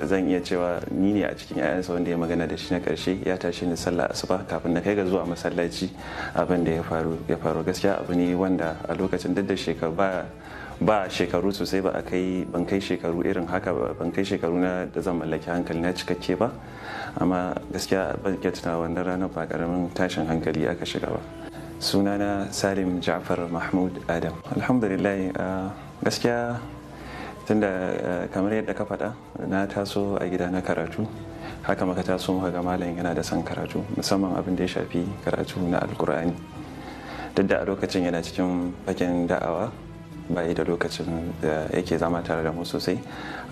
zan iya cewa ni ne a cikin 'ya'yansa wanda ya magana da shi na karshe ya tashi ni sallah asuba kafin na kai ga zuwa masallaci abin da ya faru ya faru gaskiya abu ne wanda a lokacin duk da shekaru ba shekaru sosai ba a kai ban kai shekaru irin haka ba ban kai shekaru na da zan mallaki hankali na cikakke ba amma gaskiya ban ke tuna wannan ranar ba karamin tashin hankali aka shiga ba sunana salim ja'far mahmud adam alhamdulillah ah, gaskiya tunda eh, kamar yadda ka faɗa na taso a gida na karatu haka maka taso muka ga malam yana da son karatu musamman abin da ya shafi karatu na alkur'ani duk da a lokacin yana cikin fagen da'awa ba da lokacin da yake zama tare da mu sosai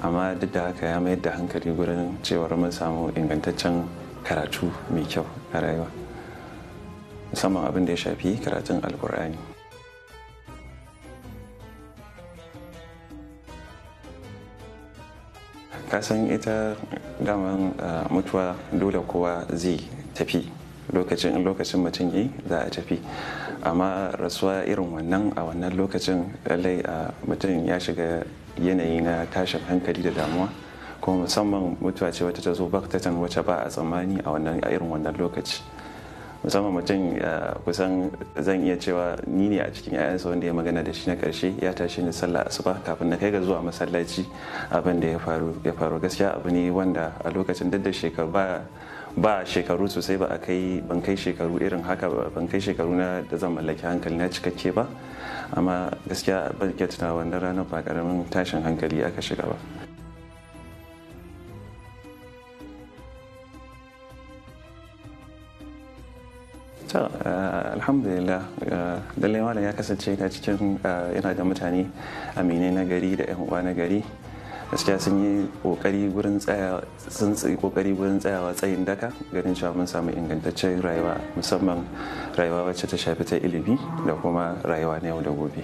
amma duk da haka ya mayar da hankali gurin cewar mun samu ingantaccen karatu mai kyau a rayuwa musamman abin da ya shafi karatun alkur'ani kasan ita daman eh, mutuwa dole kowa zai tafi lokacin lokacin mutum yi za a tafi amma rasuwa irin wannan a wannan lokacin lallai eh, mutum ya shiga yanayi na tashin hankali da damuwa kuma musamman mutuwa ce wata ta zo baktatan wacce ba a tsammani a irin wannan lokaci musamman mutum kusan zan iya cewa ni ne a cikin 'ya'yansa wanda ya magana da shi na karshe ya tashi ni sallah asuba kafin na kai ga zuwa masallaci abin da ya faru ya faru gaskiya abu ne wanda a lokacin duk da shekaru ba ba shekaru sosai ba a kai ban kai shekaru irin haka ba ban kai shekaru na da zan mallaki hankali na cikakke ba amma gaskiya ban ke tunawa wannan ranar ba karamin tashin hankali aka shiga ba ta eh, alhamdulillah eh, lallai malam ya kasance ta cikin yana eh, da mutane aminai na gari da yan uwa na gari gaskiya sun yi kokari gurin tsaya sun kokari gurin tsayawa tsayin daka ganin cewa mun samu ingantaccen rayuwa musamman rayuwa wacce ta shafi ta ilimi da kuma rayuwa na yau da gobe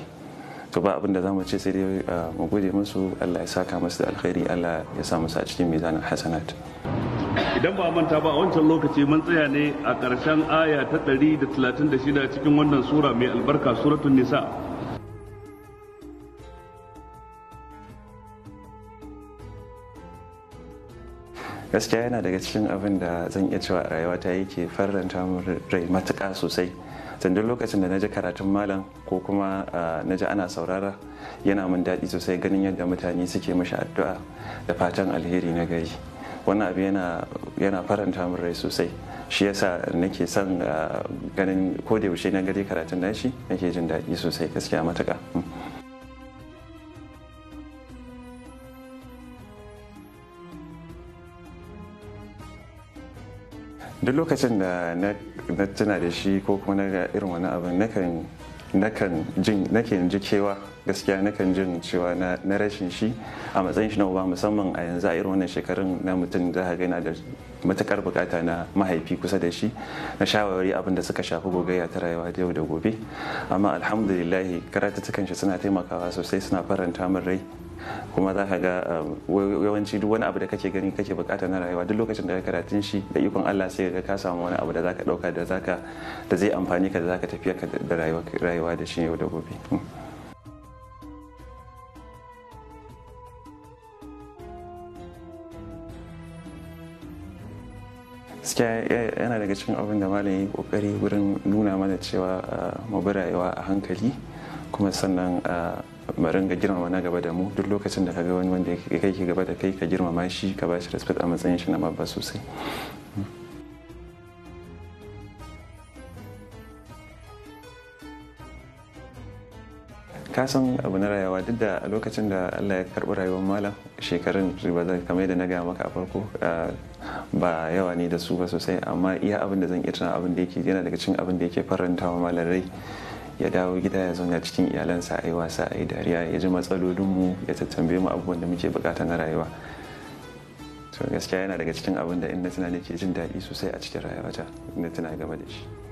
to ba abin da za ce sai dai mu gode musu Allah ya saka musu da alkhairi Allah ya sa musu a cikin mizanin hasanat idan ba manta ba a wancan lokaci mun tsaya ne a ƙarshen aya ta 136 cikin wannan sura mai albarka suratun nisa gaskiya yana daga cikin abin da zan iya cewa a rayuwata yake faranta rai matuka sosai sandan lokacin da na ji karatun malam ko kuma na ana saurara yana min daɗi sosai ganin yadda mutane suke mashi addu'a da fatan alheri na gari wannan abu yana faranta min rai sosai shi yasa nake son ah, ganin ko da yaushe na gari karatun nashi nake jin daɗi sosai gaskiya matuka. Mm. duk lokacin da na tuna da shi ko kuma na irin wani abin nakan nakan jin ji cewa gaskiya nakan jin cewa na rashin shi a matsayin shi na uba musamman a yanzu a irin wannan shekarun na mutum za a ga da matukar bukata na mahaifi kusa da shi na shawarwari abin da suka shafi gogayya ta rayuwa da yau da gobe amma alhamdulillah karatattukan shi suna taimakawa sosai suna faranta min rai kuma za ka ga um, yawanci duk wani abu da kake gani kake bukata na rayuwa duk lokacin da ka karatun shi da ikon Allah sai ka ka samu wani abu da zaka dauka da zaka da zai amfani ka da zaka tafi ka da rayuwa da shi yau da gobe hmm. gaskiya yana daga cikin abin da malam yi kokari wurin nuna mana cewa uh, mu bi rayuwa a hankali kuma sannan uh, marin ga girmama na gaba da mu duk lokacin da ka ga wani wanda ya kai ki gaba da kai ka girmama shi ka ba shi respect a matsayin shi na babba sosai kasan abu na rayuwa duk da lokacin da allah ya karɓi rayuwar malam shekarun ribazan kamar da na gaya maka a farko ba yawa ne da su ba sosai amma iya abin da zan iya tuna abin da yake yana daga cin abin da yake faranta wa malam rai ya dawo gida ya zauna cikin iyalansa a yi wasa a yi dariya ya ji matsalolinmu ya tattambe mu abubuwan da muke bukata na rayuwa to gaskiya yana daga cikin abin da in na ke jin daɗi sosai a cikin rayuwata in na tuna game da shi